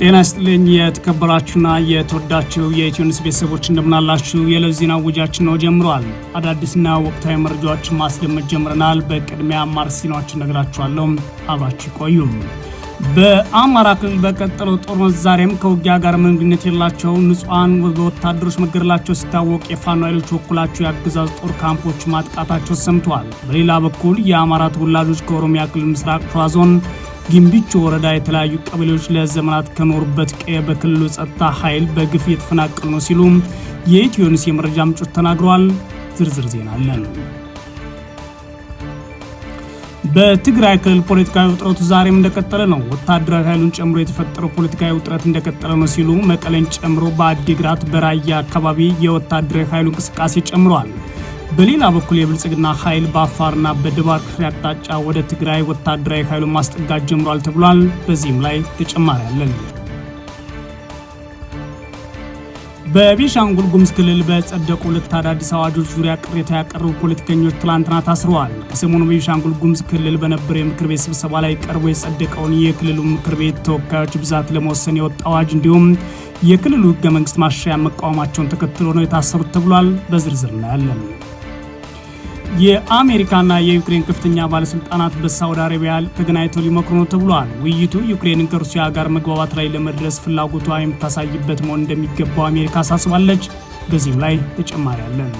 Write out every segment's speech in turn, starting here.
ጤና ይስጥልኝ የተከበራችሁና የተወዳችሁ የኢትዮኒስ ቤተሰቦች እንደምናላችሁ። የዕለቱ ዜና ውጃችን ነው ጀምረዋል። አዳዲስና ወቅታዊ መረጃዎችን ማስደመጥ ጀምረናል። በቅድሚያ አማር ሲናዎችን ነግራችኋለሁ። አብራችሁ ቆዩ። በአማራ ክልል በቀጠለው ጦርነት ዛሬም ከውጊያ ጋር ምንግነት የላቸው ንጹሐን በወታደሮች መገደላቸው ሲታወቅ የፋኖ ኃይሎች በኩላቸው የአገዛዝ ጦር ካምፖች ማጥቃታቸው ሰምተዋል። በሌላ በኩል የአማራ ተወላጆች ከኦሮሚያ ክልል ምስራቅ ሸዋ ዞን ግንብቹ ወረዳ የተለያዩ ቀበሌዎች ለዘመናት ከኖሩበት ቀየ በክልሉ ጸጥታ ኃይል በግፍ የተፈናቀሉ ነው ሲሉ የኢትዮ የመረጃ ምንጮች ተናግረዋል። ዝርዝር ዜና አለን። በትግራይ ክልል ፖለቲካዊ ውጥረቱ ዛሬም እንደቀጠለ ነው። ወታደራዊ ኃይሉን ጨምሮ የተፈጠረው ፖለቲካዊ ውጥረት እንደቀጠለ ነው ሲሉ መቀለን ጨምሮ በአዲግራት በራያ አካባቢ የወታደራዊ ኃይሉ እንቅስቃሴ ጨምሯል። በሌላ በኩል የብልጽግና ኃይል በአፋርና በድባር ክፍል አቅጣጫ ወደ ትግራይ ወታደራዊ ኃይሉን ማስጠጋት ጀምሯል ተብሏል። በዚህም ላይ ተጨማሪ አለን። በቤኒሻንጉል ጉሙዝ ክልል በጸደቁ ሁለት አዳዲስ አዋጆች ዙሪያ ቅሬታ ያቀረቡ ፖለቲከኞች ትላንትና ታስረዋል። ከሰሞኑ በቤኒሻንጉል ጉሙዝ ክልል በነበረው የምክር ቤት ስብሰባ ላይ ቀርቦ የጸደቀውን የክልሉ ምክር ቤት ተወካዮች ብዛት ለመወሰን የወጣ አዋጅ እንዲሁም የክልሉ ህገ መንግስት ማሻሻያ መቃወማቸውን ተከትሎ ነው የታሰሩት ተብሏል። በዝርዝር እናያለን። የአሜሪካና የዩክሬን ከፍተኛ ባለስልጣናት በሳውዲ አረቢያ ተገናኝተው ሊመክሩ ነው ተብሏል። ውይይቱ ዩክሬንን ከሩሲያ ጋር መግባባት ላይ ለመድረስ ፍላጎቷ የምታሳይበት መሆን እንደሚገባው አሜሪካ አሳስባለች። በዚህም ላይ ተጨማሪ አለን።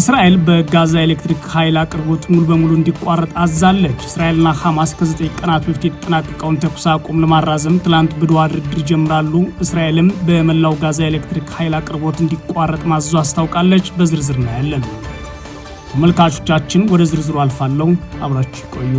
እስራኤል በጋዛ ኤሌክትሪክ ኃይል አቅርቦት ሙሉ በሙሉ እንዲቋረጥ አዛለች። እስራኤልና ሐማስ ከዘጠኝ ቀናት በፊት የተጠናቀቀውን ተኩስ አቁም ለማራዘም ትላንት በዶሃ ድርድር ይጀምራሉ። እስራኤልም በመላው ጋዛ ኤሌክትሪክ ኃይል አቅርቦት እንዲቋረጥ ማዘዙ አስታውቃለች። በዝርዝር እናያለን። ተመልካቾቻችን ወደ ዝርዝሩ አልፋለሁ። አብራችሁ ቆዩ።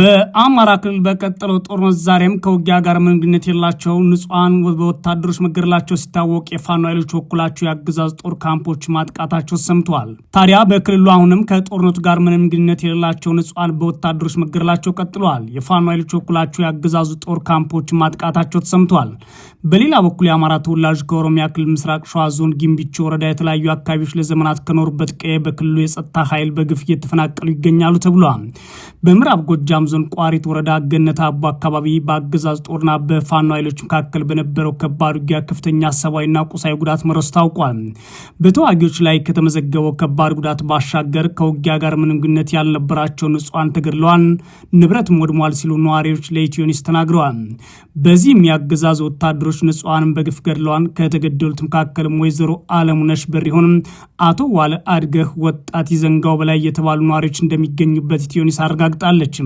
በአማራ ክልል በቀጠለው ጦርነት ዛሬም ከውጊያ ጋር ምንግነት የላቸው ንጹሐን በወታደሮች መገደላቸው ሲታወቅ የፋኖ ኃይሎች ወኩላቸው የአገዛዝ ጦር ካምፖች ማጥቃታቸው ሰምተዋል። ታዲያ በክልሉ አሁንም ከጦርነቱ ጋር ምንም ግንኙነት የሌላቸው ንጹሐን በወታደሮች መገደላቸው ቀጥለዋል። የፋኖ ኃይሎች ወኩላቸው የአገዛዙ ጦር ካምፖች ማጥቃታቸው ተሰምተዋል። በሌላ በኩል የአማራ ተወላጆች ከኦሮሚያ ክልል ምስራቅ ሸዋ ዞን ጊምቢቾ ወረዳ የተለያዩ አካባቢዎች ለዘመናት ከኖሩበት ቀዬ በክልሉ የጸጥታ ኃይል በግፍ እየተፈናቀሉ ይገኛሉ ተብሏል። በምዕራብ ጎጃም ዞን ቋሪት ወረዳ ገነት አቦ አካባቢ በአገዛዝ ጦርና በፋኖ ኃይሎች መካከል በነበረው ከባድ ውጊያ ከፍተኛ ሰብአዊና ቁሳዊ ጉዳት መረሱ ታውቋል። በተዋጊዎች ላይ ከተመዘገበው ከባድ ጉዳት ባሻገር ከውጊያ ጋር ምንም ግንኙነት ያልነበራቸው ንጹሐን ተገድለዋል፣ ንብረት ወድሟል ሲሉ ነዋሪዎች ለኢትዮ ኒውስ ተናግረዋል። በዚህም የአገዛዝ ወታደሮች ንጹሐንን በግፍ ገድለዋል። ከተገደሉት መካከልም ወይዘሮ አለሙነሽ በሪሆንም አቶ ዋለ አድገህ፣ ወጣት ይዘንጋው በላይ የተባሉ ነዋሪዎች እንደሚገኙበት ኢትዮኒስ አረጋግጣለችም።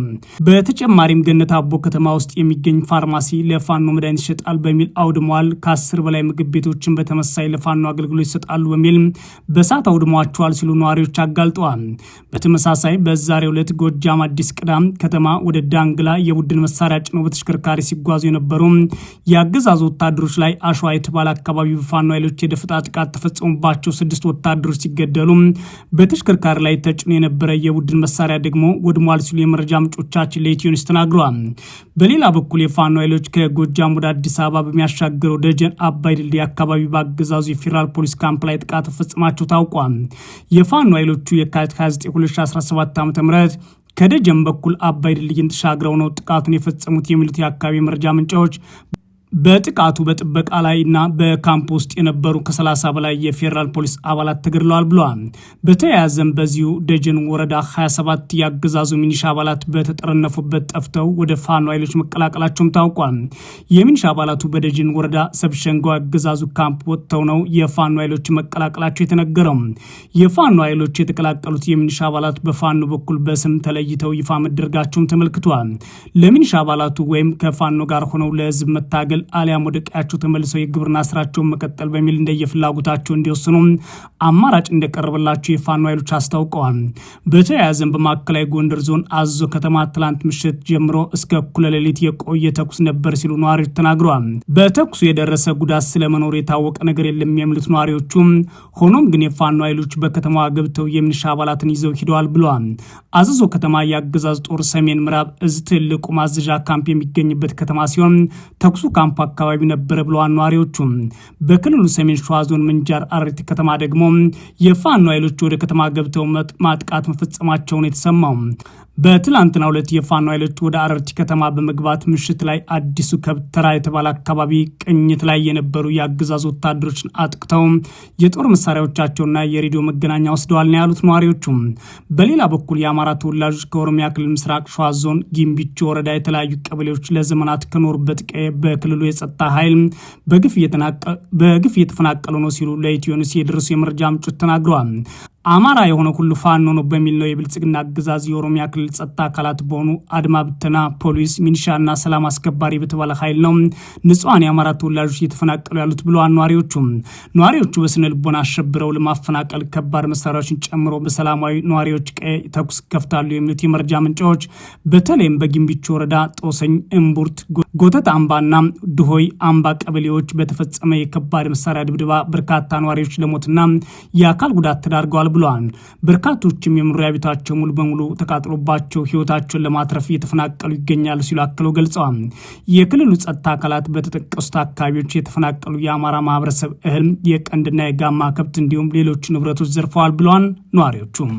አረጋግጣለች። በተጨማሪም ገነት አቦ ከተማ ውስጥ የሚገኝ ፋርማሲ ለፋኖ መድኃኒት ይሸጣል በሚል አውድመዋል። ከአስር በላይ ምግብ ቤቶችን በተመሳይ ለፋኖ አገልግሎት ይሰጣሉ በሚል በሳት አውድመዋቸዋል ሲሉ ነዋሪዎች አጋልጠዋል። በተመሳሳይ በዛሬ ዕለት ጎጃም አዲስ ቅዳም ከተማ ወደ ዳንግላ የቡድን መሳሪያ ጭኖ በተሽከርካሪ ሲጓዙ የነበሩ የአገዛዙ ወታደሮች ላይ አሸዋ የተባለ አካባቢ በፋኖ ኃይሎች የደፈጣ ጥቃት ተፈጸሙባቸው ስድስት ወታደሮች ሲገደሉ በተሽከርካሪ ላይ ተጭኖ የነበረ የቡድን መሳሪያ ደግሞ ወድሟል ሲሉ የመረጃ ምንጮች ዘጋቢዎቻችን ለኢትዮ ተናግረዋል። በሌላ በኩል የፋኖ ኃይሎች ከጎጃም ወደ አዲስ አበባ በሚያሻገረው ደጀን አባይ ድልድይ አካባቢ በአገዛዙ የፌዴራል ፖሊስ ካምፕ ላይ ጥቃት ፈጽማቸው ታውቋል። የፋኖ ኃይሎቹ የካቲት 29 2017 ዓ ም ከደጀን በኩል አባይ ድልድይን ተሻግረው ነው ጥቃቱን የፈጸሙት የሚሉት የአካባቢ መረጃ ምንጫዎች በጥቃቱ በጥበቃ ላይና በካምፕ ውስጥ የነበሩ ከ30 በላይ የፌዴራል ፖሊስ አባላት ተገድለዋል ብለዋል። በተያያዘም በዚሁ ደጀን ወረዳ 27 የአገዛዙ ሚኒሻ አባላት በተጠረነፉበት ጠፍተው ወደ ፋኖ ኃይሎች መቀላቀላቸውም ታውቋል። የሚኒሻ አባላቱ በደጀን ወረዳ ሰብሸንጎ አገዛዙ ካምፕ ወጥተው ነው የፋኖ ኃይሎች መቀላቀላቸው የተነገረው። የፋኖ ኃይሎች የተቀላቀሉት የሚኒሻ አባላት በፋኖ በኩል በስም ተለይተው ይፋ መደረጋቸውም ተመልክቷል። ለሚኒሻ አባላቱ ወይም ከፋኖ ጋር ሆነው ለህዝብ መታገል አሊያም ወደ ቀያቸው ተመልሰው የግብርና ስራቸውን መቀጠል በሚል እንደየፍላጎታቸው እንዲወስኑ አማራጭ እንደቀረበላቸው የፋኖ ኃይሎች አስታውቀዋል። በተያያዘም በማዕከላዊ ጎንደር ዞን አዞ ከተማ ትላንት ምሽት ጀምሮ እስከ እኩለ ሌሊት የቆየ ተኩስ ነበር ሲሉ ነዋሪዎች ተናግረዋል። በተኩሱ የደረሰ ጉዳት ስለመኖሩ የታወቀ ነገር የለም የሚሉት ነዋሪዎቹ፣ ሆኖም ግን የፋኖ ኃይሎች በከተማዋ ገብተው የሚሊሻ አባላትን ይዘው ሂደዋል ብለዋል። አዘዞ ከተማ የአገዛዝ ጦር ሰሜን ምዕራብ እዝ ትልቁ ማዘዣ ካምፕ የሚገኝበት ከተማ ሲሆን ተኩሱ ካምፕ አካባቢ ነበረ ብለዋል ነዋሪዎቹ። በክልሉ ሰሜን ሸዋ ዞን ምንጃር አረርቲ ከተማ ደግሞ የፋኖ ኃይሎች ወደ ከተማ ገብተው ማጥቃት መፈጸማቸውን የተሰማው በትላንትና ሁለት የፋኖ ኃይሎች ወደ አረርቲ ከተማ በመግባት ምሽት ላይ አዲሱ ከብተራ የተባለ አካባቢ ቅኝት ላይ የነበሩ የአገዛዝ ወታደሮችን አጥቅተው የጦር መሳሪያዎቻቸውና የሬዲዮ መገናኛ ወስደዋል ነው ያሉት ነዋሪዎቹ። በሌላ በኩል የአማራ ተወላጆች ከኦሮሚያ ክልል ምስራቅ ሸዋ ዞን ጊምቢቾ ወረዳ የተለያዩ ቀበሌዎች ለዘመናት ከኖሩበት ቀዬ በክልል የክልሉ የጸጥታ ኃይል በግፍ እየተፈናቀሉ ነው ሲሉ ለኢትዮኒውስ የደረሱ የመረጃ ምንጮች ተናግረዋል። አማራ የሆነ ሁሉ ፋኖ ነው በሚል ነው የብልጽግና አገዛዝ የኦሮሚያ ክልል ጸጥታ አካላት በሆኑ አድማ ብተና፣ ፖሊስ፣ ሚኒሻና ሰላም አስከባሪ በተባለ ኃይል ነው ንጹሐን የአማራ ተወላጆች እየተፈናቀሉ ያሉት ብለዋል ነዋሪዎቹ። ነዋሪዎቹ በስነ ልቦና አሸብረው ለማፈናቀል ከባድ መሳሪያዎችን ጨምሮ በሰላማዊ ነዋሪዎች ቀይ ተኩስ ከፍታሉ የሚሉት የመረጃ ምንጫዎች በተለይም በጊምቢቹ ወረዳ ጦሰኝ፣ እምቡርት፣ ጎተት አምባና ድሆይ አምባ ቀበሌዎች በተፈጸመ የከባድ መሳሪያ ድብድባ በርካታ ነዋሪዎች ለሞትና የአካል ጉዳት ተዳርገዋል ብለዋል። በርካቶችም የመኖሪያ ቤታቸው ሙሉ በሙሉ ተቃጥሎባቸው ህይወታቸውን ለማትረፍ እየተፈናቀሉ ይገኛሉ ሲሉ አክለው ገልጸዋል። የክልሉ ጸጥታ አካላት በተጠቀሱት አካባቢዎች የተፈናቀሉ የአማራ ማህበረሰብ እህል፣ የቀንድና የጋማ ከብት እንዲሁም ሌሎች ንብረቶች ዘርፈዋል ብለዋል ነዋሪዎቹም።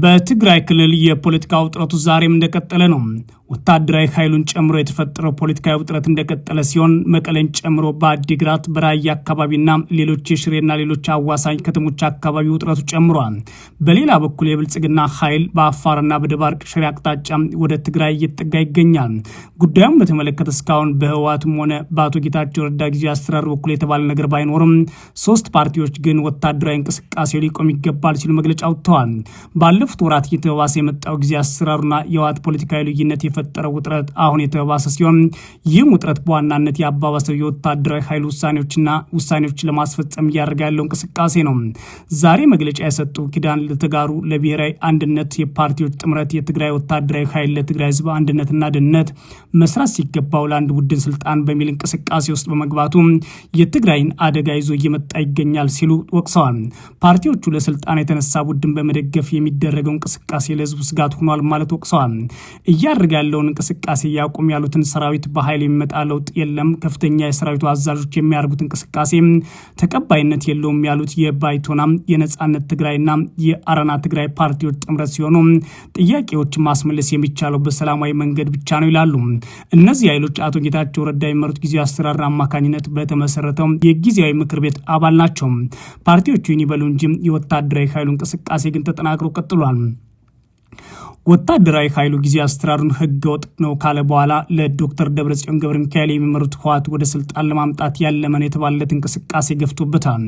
በትግራይ ክልል የፖለቲካ ውጥረቱ ዛሬም እንደቀጠለ ነው። ወታደራዊ ኃይሉን ጨምሮ የተፈጠረው ፖለቲካዊ ውጥረት እንደቀጠለ ሲሆን መቀለን ጨምሮ በአዲግራት በራያ አካባቢና ሌሎች የሽሬና ሌሎች አዋሳኝ ከተሞች አካባቢ ውጥረቱ ጨምሯል። በሌላ በኩል የብልጽግና ኃይል በአፋርና በደባርቅ ሽሬ አቅጣጫ ወደ ትግራይ እየጠጋ ይገኛል። ጉዳዩን በተመለከተ እስካሁን በህወሓትም ሆነ በአቶ ጌታቸው ረዳ ጊዜ አስተራር በኩል የተባለ ነገር ባይኖርም ሶስት ፓርቲዎች ግን ወታደራዊ እንቅስቃሴው ሊቆም ይገባል ሲሉ መግለጫ አውጥተዋል። ባለፉት ወራት እየተባባሰ የመጣው ጊዜ አስተራሩና የህወሓት ፖለቲካዊ ልዩነት የተፈጠረው ውጥረት አሁን የተባሰ ሲሆን ይህም ውጥረት በዋናነት የአባባሰው የወታደራዊ ኃይል ውሳኔዎችና ውሳኔዎች ለማስፈጸም እያደረገ ያለው እንቅስቃሴ ነው። ዛሬ መግለጫ የሰጡ ኪዳን ለተጋሩ ለብሔራዊ አንድነት የፓርቲዎች ጥምረት የትግራይ ወታደራዊ ኃይል ለትግራይ ህዝብ አንድነትና ደህንነት መስራት ሲገባው ለአንድ ቡድን ስልጣን በሚል እንቅስቃሴ ውስጥ በመግባቱ የትግራይን አደጋ ይዞ እየመጣ ይገኛል ሲሉ ወቅሰዋል። ፓርቲዎቹ ለስልጣን የተነሳ ቡድን በመደገፍ የሚደረገው እንቅስቃሴ ለህዝቡ ስጋት ሆኗል ማለት ወቅሰዋል። እያደረገ ያለውን እንቅስቃሴ ያቁም ያሉትን ሰራዊት በኃይል የሚመጣ ለውጥ የለም፣ ከፍተኛ የሰራዊቱ አዛዦች የሚያደርጉት እንቅስቃሴ ተቀባይነት የለውም ያሉት የባይቶና የነጻነት ትግራይና የአረና ትግራይ ፓርቲዎች ጥምረት ሲሆኑ ጥያቄዎች ማስመለስ የሚቻለው በሰላማዊ መንገድ ብቻ ነው ይላሉ። እነዚህ ኃይሎች አቶ ጌታቸው ረዳ የመሩት ጊዜ አሰራር አማካኝነት በተመሰረተው የጊዜያዊ ምክር ቤት አባል ናቸው። ፓርቲዎቹ ይህን ይበሉ እንጂ የወታደራዊ ኃይሉ እንቅስቃሴ ግን ተጠናክሮ ቀጥሏል። ወታደራዊ ኃይሉ ጊዜ አስተራሩን ህገ ወጥ ነው ካለ በኋላ ለዶክተር ደብረጽዮን ገብረ ሚካኤል የሚመሩት ህወሓት ወደ ስልጣን ለማምጣት ያለመን የተባለለት እንቅስቃሴ ገፍቶበታል።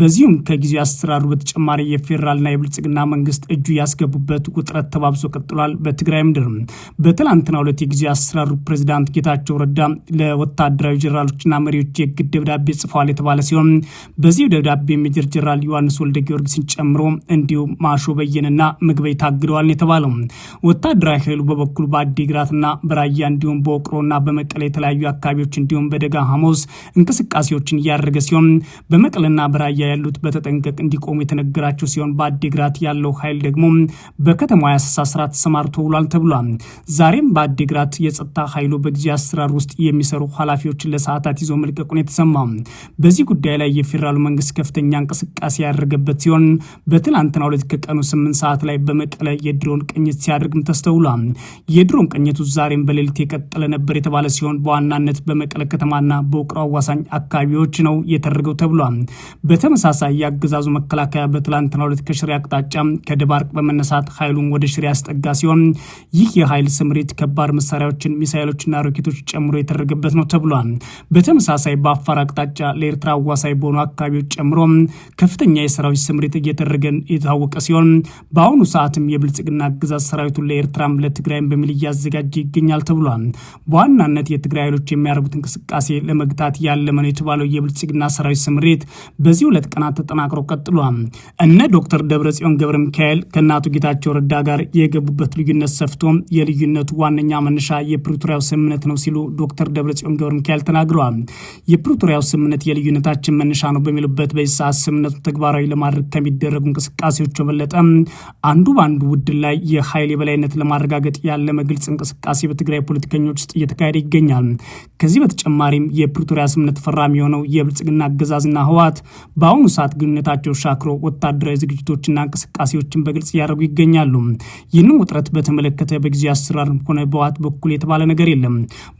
በዚሁም ከጊዜ አስተራሩ በተጨማሪ የፌዴራልና የብልጽግና መንግስት እጁ ያስገቡበት ውጥረት ተባብሶ ቀጥሏል። በትግራይ ምድር በትላንትና ሁለት የጊዜ አስተራሩ ፕሬዚዳንት ጌታቸው ረዳ ለወታደራዊ ጀኔራሎችና መሪዎች የግድ ደብዳቤ ጽፈዋል የተባለ ሲሆን በዚሁ ደብዳቤ ሜጀር ጀኔራል ዮሐንስ ወልደ ጊዮርጊስን ጨምሮ እንዲሁም ማሾ በየንና ምግበይ ታግደዋል የተባለው ወታደራዊ ኃይሉ በበኩሉ በአዲግራትና በራያ እንዲሁም በወቅሮና በመቀለ የተለያዩ አካባቢዎች እንዲሁም በደጋ ሐሙስ እንቅስቃሴዎችን እያደረገ ሲሆን በመቀለና በራያ ያሉት በተጠንቀቅ እንዲቆሙ የተነገራቸው ሲሆን በአዲግራት ያለው ኃይል ደግሞ በከተማ የአሰሳ ስራ ተሰማርቶ ውሏል ተብሏል። ዛሬም በአዲግራት የጸጥታ ኃይሉ በጊዜ አሰራር ውስጥ የሚሰሩ ኃላፊዎችን ለሰዓታት ይዞ መልቀቁን የተሰማ በዚህ ጉዳይ ላይ የፌዴራሉ መንግስት ከፍተኛ እንቅስቃሴ ያደረገበት ሲሆን በትላንትና ሁለት ከቀኑ ስምንት ሰዓት ላይ በመቀለ የድሮን ቅኝት ሲያደርግም ተስተውሏል። የድሮን ቅኝቱ ዛሬም በሌሊት የቀጠለ ነበር የተባለ ሲሆን በዋናነት በመቀለ ከተማና በውቅሮ አዋሳኝ አካባቢዎች ነው የተደረገው ተብሏል። በተመሳሳይ የአገዛዙ መከላከያ በትላንትና ሁለት ከሽሬ አቅጣጫ ከደባርቅ በመነሳት ኃይሉን ወደ ሽሬ ያስጠጋ ሲሆን ይህ የኃይል ስምሪት ከባድ መሳሪያዎችን ሚሳይሎችና ሮኬቶች ጨምሮ የተደረገበት ነው ተብሏል። በተመሳሳይ በአፋር አቅጣጫ ለኤርትራ አዋሳኝ በሆኑ አካባቢዎች ጨምሮ ከፍተኛ የሰራዊት ስምሪት እየተደረገ የታወቀ ሲሆን በአሁኑ ሰዓትም የብልጽግና አገዛዝ ሰራዊቱን ለኤርትራም ለትግራይም በሚል እያዘጋጀ ይገኛል ተብሏል። በዋናነት የትግራይ ኃይሎች የሚያደርጉት እንቅስቃሴ ለመግታት ያለመ ነው የተባለው የብልጽግና ሰራዊት ስምሬት በዚህ ሁለት ቀናት ተጠናክሮ ቀጥሏል። እነ ዶክተር ደብረጽዮን ገብረ ሚካኤል ከእናቱ ጌታቸው ረዳ ጋር የገቡበት ልዩነት ሰፍቶ የልዩነቱ ዋነኛ መነሻ የፕሪቶሪያው ስምምነት ነው ሲሉ ዶክተር ደብረጽዮን ገብረ ሚካኤል ተናግረዋል። የፕሪቶሪያው ስምምነት የልዩነታችን መነሻ ነው በሚሉበት በዚህ ሰዓት ስምምነቱ ተግባራዊ ለማድረግ ከሚደረጉ እንቅስቃሴዎች በለጠ አንዱ በአንዱ ውድል ላይ ኃይል የበላይነት ለማረጋገጥ ያለመ ግልጽ እንቅስቃሴ በትግራይ ፖለቲከኞች ውስጥ እየተካሄደ ይገኛል። ከዚህ በተጨማሪም የፕሪቶሪያ ስምምነት ፈራሚ የሆነው የብልጽግና አገዛዝና ህወሓት በአሁኑ ሰዓት ግንኙነታቸው ሻክሮ ወታደራዊ ዝግጅቶችና እንቅስቃሴዎችን በግልጽ እያደረጉ ይገኛሉ። ይህንም ውጥረት በተመለከተ በጊዜ አሰራር ሆነ በህወሓት በኩል የተባለ ነገር የለም።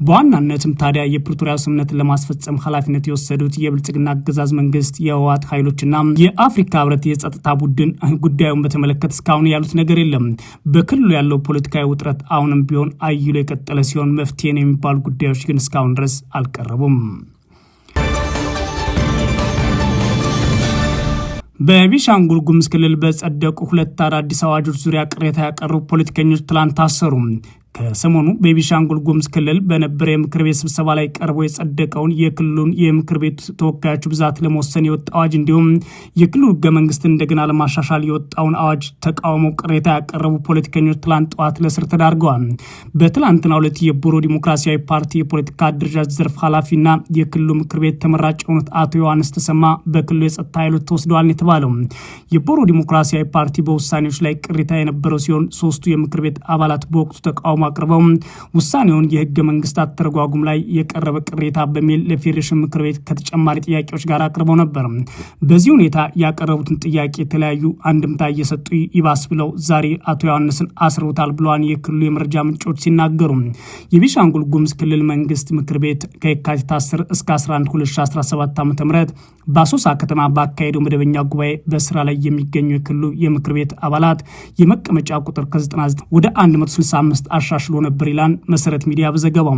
በዋናነትም ታዲያ የፕሪቶሪያ ስምነት ለማስፈጸም ኃላፊነት የወሰዱት የብልጽግና አገዛዝ መንግስት፣ የህወሓት ኃይሎችና የአፍሪካ ህብረት የጸጥታ ቡድን ጉዳዩን በተመለከተ እስካሁን ያሉት ነገር የለም። በክልሉ ያለው ፖለቲካዊ ውጥረት አሁንም ቢሆን አይሎ የቀጠለ ሲሆን መፍትሄ የሚባሉ ጉዳዮች ግን እስካሁን ድረስ አልቀረቡም። በቢሻንጉል ጉምዝ ክልል በጸደቁ ሁለት አዳዲስ አዋጆች ዙሪያ ቅሬታ ያቀረቡ ፖለቲከኞች ትላንት ታሰሩ። ከሰሞኑ በቤኒሻንጉል ጉሙዝ ክልል በነበረ የምክር ቤት ስብሰባ ላይ ቀርቦ የጸደቀውን የክልሉን የምክር ቤት ተወካዮች ብዛት ለመወሰን የወጣ አዋጅ እንዲሁም የክልሉ ህገ መንግስትን እንደገና ለማሻሻል የወጣውን አዋጅ ተቃውሞ ቅሬታ ያቀረቡ ፖለቲከኞች ትላንት ጠዋት ለእስር ተዳርገዋል። በትላንትና ሁለት የቦሮ ዲሞክራሲያዊ ፓርቲ የፖለቲካ አደረጃጀት ዘርፍ ኃላፊና የክልሉ ምክር ቤት ተመራጭ የሆኑት አቶ ዮሐንስ ተሰማ በክልሉ የጸጥታ ኃይሎች ተወስደዋል የተባለው የቦሮ ዲሞክራሲያዊ ፓርቲ በውሳኔዎች ላይ ቅሬታ የነበረው ሲሆን ሶስቱ የምክር ቤት አባላት በወቅቱ ተቃውሞ አቅርበው ውሳኔውን የህገ መንግስታት ተረጓጉም ላይ የቀረበ ቅሬታ በሚል ለፌዴሬሽን ምክር ቤት ከተጨማሪ ጥያቄዎች ጋር አቅርበው ነበር። በዚህ ሁኔታ ያቀረቡትን ጥያቄ የተለያዩ አንድምታ እየሰጡ ይባስ ብለው ዛሬ አቶ ዮሐንስን አስረውታል ብለዋን የክልሉ የመረጃ ምንጮች ሲናገሩ የቤኒሻንጉል ጉምዝ ክልል መንግስት ምክር ቤት ከየካቲት 10 እስከ 11 2017 ዓ ም በአሶሳ ከተማ ባካሄደው መደበኛ ጉባኤ በስራ ላይ የሚገኙ የክልሉ የምክር ቤት አባላት የመቀመጫ ቁጥር ከ99 ወደ 165 አሻ ተሻሽሎ ነበር ይላል መሰረት ሚዲያ በዘገባው።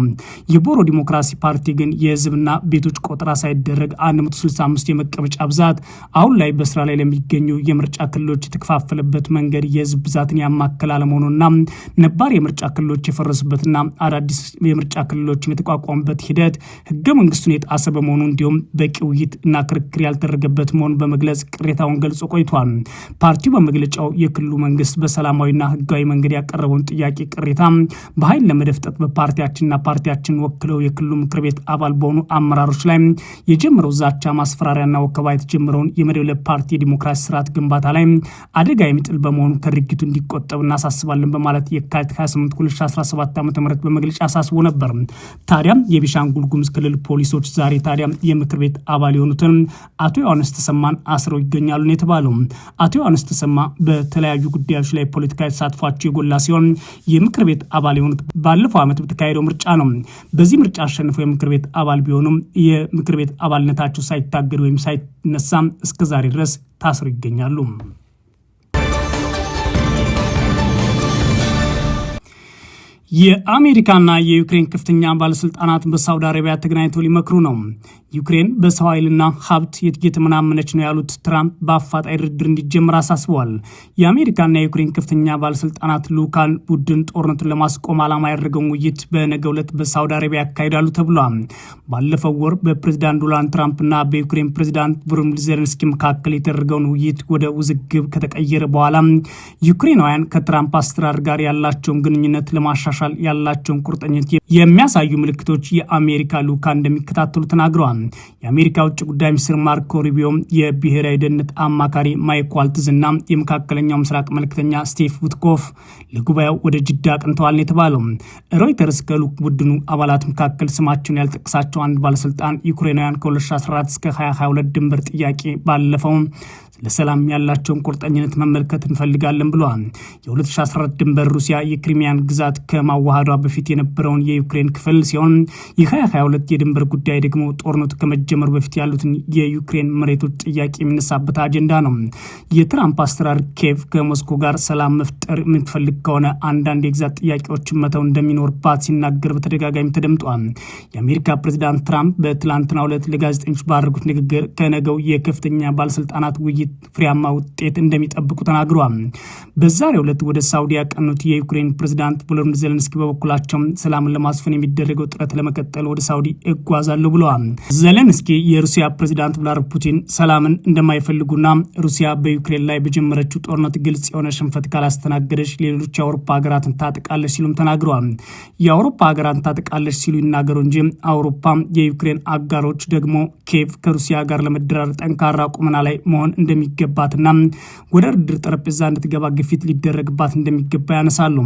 የቦሮ ዲሞክራሲ ፓርቲ ግን የህዝብና ቤቶች ቆጠራ ሳይደረግ 165 የመቀመጫ ብዛት አሁን ላይ በስራ ላይ ለሚገኙ የምርጫ ክልሎች የተከፋፈለበት መንገድ የህዝብ ብዛትን ያማከል አለመሆኑና ነባር የምርጫ ክልሎች የፈረሱበትና አዳዲስ የምርጫ ክልሎች የተቋቋሙበት ሂደት ህገ መንግስቱን የጣሰ በመሆኑ እንዲሁም በቂ ውይይት እና ክርክር ያልተደረገበት መሆኑ በመግለጽ ቅሬታውን ገልጾ ቆይቷል። ፓርቲው በመግለጫው የክልሉ መንግስት በሰላማዊና ህጋዊ መንገድ ያቀረበውን ጥያቄ ቅሬታ በኃይል ለመደፍጠጥ በፓርቲያችንና ፓርቲያችን ወክለው የክልሉ ምክር ቤት አባል በሆኑ አመራሮች ላይ የጀመረው ዛቻ ማስፈራሪያና ወከባ የተጀመረውን የመደብለ ፓርቲ የዲሞክራሲ ስርዓት ግንባታ ላይ አደጋ የሚጥል በመሆኑ ከድርጊቱ እንዲቆጠብ እናሳስባለን በማለት የካቲት 28 2017 ዓ ም በመግለጫ አሳስቦ ነበር። ታዲያ የቤኒሻንጉል ጉሙዝ ክልል ፖሊሶች ዛሬ ታዲያ የምክር ቤት አባል የሆኑትን አቶ ዮሐንስ ተሰማን አስረው ይገኛሉ ነው የተባለው። አቶ ዮሐንስ ተሰማ በተለያዩ ጉዳዮች ላይ ፖለቲካ የተሳትፏቸው የጎላ ሲሆን የምክር ቤት አባል የሆኑት ባለፈው ዓመት በተካሄደው ምርጫ ነው። በዚህ ምርጫ አሸንፈው የምክር ቤት አባል ቢሆኑም የምክር ቤት አባልነታቸው ሳይታገድ ወይም ሳይነሳ እስከዛሬ ድረስ ታስረው ይገኛሉ። የአሜሪካና የዩክሬን ከፍተኛ ባለስልጣናት በሳውዲ አረቢያ ተገናኝተው ሊመክሩ ነው። ዩክሬን በሰው ኃይልና ሀብት የተመናመነች ነው ያሉት ትራምፕ በአፋጣኝ ድርድር እንዲጀመር አሳስበዋል። የአሜሪካና የዩክሬን ከፍተኛ ባለስልጣናት ልዑካን ቡድን ጦርነቱን ለማስቆም ዓላማ ያደረገውን ውይይት በነገው ዕለት በሳውዲ አረቢያ ያካሂዳሉ ተብሏል። ባለፈው ወር በፕሬዚዳንት ዶናልድ ትራምፕና በዩክሬን ፕሬዚዳንት ቮሎዲሚር ዜለንስኪ መካከል የተደረገውን ውይይት ወደ ውዝግብ ከተቀየረ በኋላ ዩክሬናውያን ከትራምፕ አስተዳደር ጋር ያላቸውን ግንኙነት ለማሻሻል ለማሻሻል ያላቸውን ቁርጠኝነት የሚያሳዩ ምልክቶች የአሜሪካ ልዑካን እንደሚከታተሉ ተናግረዋል። የአሜሪካ ውጭ ጉዳይ ሚኒስትር ማርኮ ሩቢዮ፣ የብሔራዊ ደህንነት አማካሪ ማይክ ዋልትዝ እና የመካከለኛው ምስራቅ መልክተኛ ስቴፍ ውትኮፍ ለጉባኤው ወደ ጅዳ አቅንተዋል የተባለው ሮይተርስ ከልዑክ ቡድኑ አባላት መካከል ስማቸውን ያልጠቀሳቸው አንድ ባለስልጣን ዩክሬናውያን ከ2014 እስከ 2022 ድንበር ጥያቄ ባለፈው ለሰላም ያላቸውን ቁርጠኝነት መመልከት እንፈልጋለን ብለዋል። የ2014 ድንበር ሩሲያ የክሪሚያን ግዛት ከማዋሃዷ በፊት የነበረውን የዩክሬን ክፍል ሲሆን የ2022 የድንበር ጉዳይ ደግሞ ጦርነቱ ከመጀመሩ በፊት ያሉትን የዩክሬን መሬቶች ጥያቄ የሚነሳበት አጀንዳ ነው። የትራምፕ አሰራር ኬቭ ከሞስኮ ጋር ሰላም መፍጠር የምትፈልግ ከሆነ አንዳንድ የግዛት ጥያቄዎችን መተው እንደሚኖርባት ሲናገር በተደጋጋሚ ተደምጧል። የአሜሪካ ፕሬዚዳንት ትራምፕ በትላንትናው ዕለት ለጋዜጠኞች ባደረጉት ንግግር ከነገው የከፍተኛ ባለስልጣናት ውይይት ፍሬያማ ውጤት እንደሚጠብቁ ተናግረዋል። በዛሬው ዕለት ወደ ሳውዲ ያቀኑት የዩክሬን ፕሬዚዳንት ቮሎዲሚር ዜሌንስኪ በበኩላቸው ሰላምን ለማስፈን የሚደረገው ጥረት ለመቀጠል ወደ ሳውዲ እጓዛለሁ ብለዋል። ዜሌንስኪ የሩሲያ ፕሬዚዳንት ቭላድሚር ፑቲን ሰላምን እንደማይፈልጉና ሩሲያ በዩክሬን ላይ በጀመረችው ጦርነት ግልጽ የሆነ ሽንፈት ካላስተናገደች ሌሎች የአውሮፓ ሀገራትን ታጥቃለች ሲሉም ተናግረዋል። የአውሮፓ ሀገራትን ታጥቃለች ሲሉ ይናገሩ እንጂ አውሮፓ የዩክሬን አጋሮች ደግሞ ኬቭ ከሩሲያ ጋር ለመደራደር ጠንካራ ቁመና ላይ መሆን እንደሚ እንደሚገባትና ወደ ድርድር ጠረጴዛ እንድትገባ ግፊት ሊደረግባት እንደሚገባ ያነሳሉ።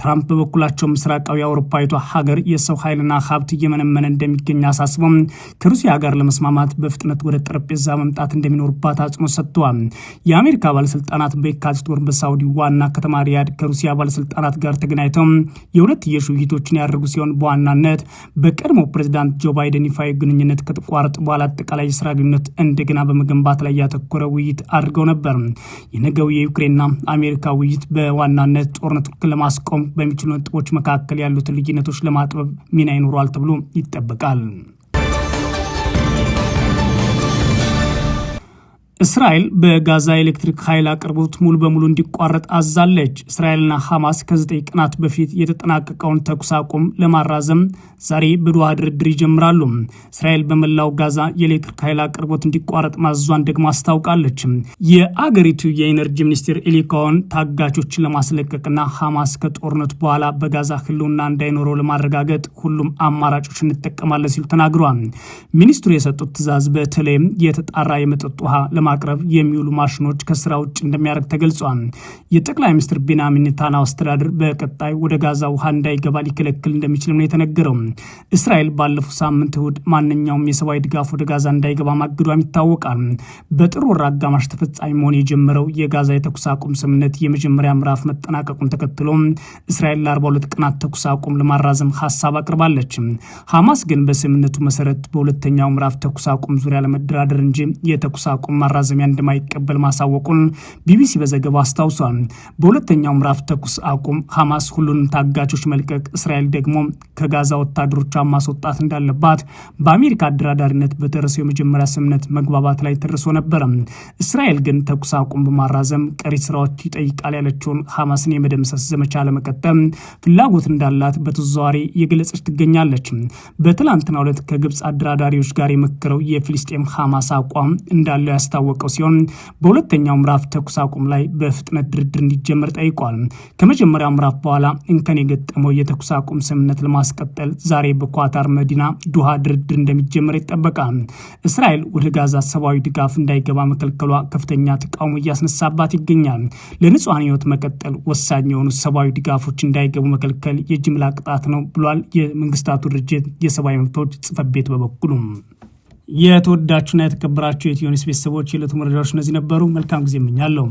ትራምፕ በበኩላቸው ምስራቃዊ አውሮፓዊቷ ሀገር የሰው ኃይልና ሀብት እየመነመነ እንደሚገኝ አሳስበው ከሩሲያ ጋር ለመስማማት በፍጥነት ወደ ጠረጴዛ መምጣት እንደሚኖርባት አጽንኦት ሰጥተዋል። የአሜሪካ ባለስልጣናት በየካቲት ወር በሳውዲ ዋና ከተማ ሪያድ ከሩሲያ ባለስልጣናት ጋር ተገናኝተው የሁለትዮሽ ውይይቶችን ያደርጉ ሲሆን በዋናነት በቀድሞ ፕሬዚዳንት ጆ ባይደን ይፋዊ ግንኙነት ከተቋረጠ በኋላ አጠቃላይ የስራ ግንኙነት እንደገና በመገንባት ላይ ያተኮረ ውይይት ውይይት አድርገው ነበር። የነገው የዩክሬንና አሜሪካ ውይይት በዋናነት ጦርነቱን ለማስቆም በሚችሉ ነጥቦች መካከል ያሉትን ልዩነቶች ለማጥበብ ሚና ይኖረዋል ተብሎ ይጠበቃል። እስራኤል በጋዛ ኤሌክትሪክ ኃይል አቅርቦት ሙሉ በሙሉ እንዲቋረጥ አዛለች። እስራኤልና ሐማስ ከዘጠኝ ቀናት በፊት የተጠናቀቀውን ተኩስ አቁም ለማራዘም ዛሬ በዶሃ ድርድር ይጀምራሉ። እስራኤል በመላው ጋዛ የኤሌክትሪክ ኃይል አቅርቦት እንዲቋረጥ ማዟን ደግሞ አስታውቃለች። የአገሪቱ የኤነርጂ ሚኒስትር ኤሊካን ታጋቾችን ለማስለቀቅና ሐማስ ከጦርነቱ በኋላ በጋዛ ህልውና እንዳይኖረው ለማረጋገጥ ሁሉም አማራጮች እንጠቀማለን ሲሉ ተናግረዋል። ሚኒስትሩ የሰጡት ትዕዛዝ በተለይም የተጣራ የመጠጥ ውሃ ለማቅረብ የሚውሉ ማሽኖች ከስራ ውጭ እንደሚያደርግ ተገልጿል። የጠቅላይ ሚኒስትር ቤንያሚን ኔታንያሁ አስተዳደር በቀጣይ ወደ ጋዛ ውሃ እንዳይገባ ሊከለክል እንደሚችልም ነው የተነገረው። እስራኤል ባለፈው ሳምንት እሁድ ማንኛውም የሰብአዊ ድጋፍ ወደ ጋዛ እንዳይገባ ማገዷም ይታወቃል። በጥር ወር አጋማሽ ተፈጻሚ መሆን የጀመረው የጋዛ የተኩስ አቁም ስምምነት የመጀመሪያ ምዕራፍ መጠናቀቁን ተከትሎ እስራኤል ለ42 ቀናት ተኩስ አቁም ለማራዘም ሀሳብ አቅርባለች። ሐማስ ግን በስምምነቱ መሰረት በሁለተኛው ምዕራፍ ተኩስ አቁም ዙሪያ ለመደራደር እንጂ የተኩስ አቁም ማራዘሚያ እንደማይቀበል ማሳወቁን ቢቢሲ በዘገባ አስታውሷል። በሁለተኛው ምዕራፍ ተኩስ አቁም ሐማስ ሁሉንም ታጋቾች መልቀቅ፣ እስራኤል ደግሞ ከጋዛ ወታ ወታደሮቿን ማስወጣት እንዳለባት በአሜሪካ አደራዳሪነት በደረሰው የመጀመሪያ ስምምነት መግባባት ላይ ተደርሶ ነበረ። እስራኤል ግን ተኩስ አቁም በማራዘም ቀሪ ስራዎች ይጠይቃል ያለችውን ሐማስን የመደምሰስ ዘመቻ ለመቀጠም ፍላጎት እንዳላት በተዘዋዋሪ የገለጸች ትገኛለች። በትላንትናው ዕለት ከግብፅ አደራዳሪዎች ጋር የመከረው የፊልስጤም ሐማስ አቋም እንዳለው ያስታወቀው ሲሆን በሁለተኛው ምዕራፍ ተኩስ አቁም ላይ በፍጥነት ድርድር እንዲጀመር ጠይቋል። ከመጀመሪያው ምዕራፍ በኋላ እንከን የገጠመው የተኩስ አቁም ስምምነት ለማስቀጠል ዛሬ በኳታር መዲና ዱሃ ድርድር እንደሚጀመር ይጠበቃል። እስራኤል ወደ ጋዛ ሰብአዊ ድጋፍ እንዳይገባ መከልከሏ ከፍተኛ ተቃውሞ እያስነሳባት ይገኛል። ለንጹሐን ህይወት መቀጠል ወሳኝ የሆኑ ሰብአዊ ድጋፎች እንዳይገቡ መከልከል የጅምላ ቅጣት ነው ብሏል የመንግስታቱ ድርጅት የሰብአዊ መብቶች ጽህፈት ቤት በበኩሉም። የተወዳችሁና የተከበራችሁ የኢትዮ ኒውስ ቤተሰቦች የዕለቱ መረጃዎች እነዚህ ነበሩ። መልካም ጊዜ እመኛለሁ።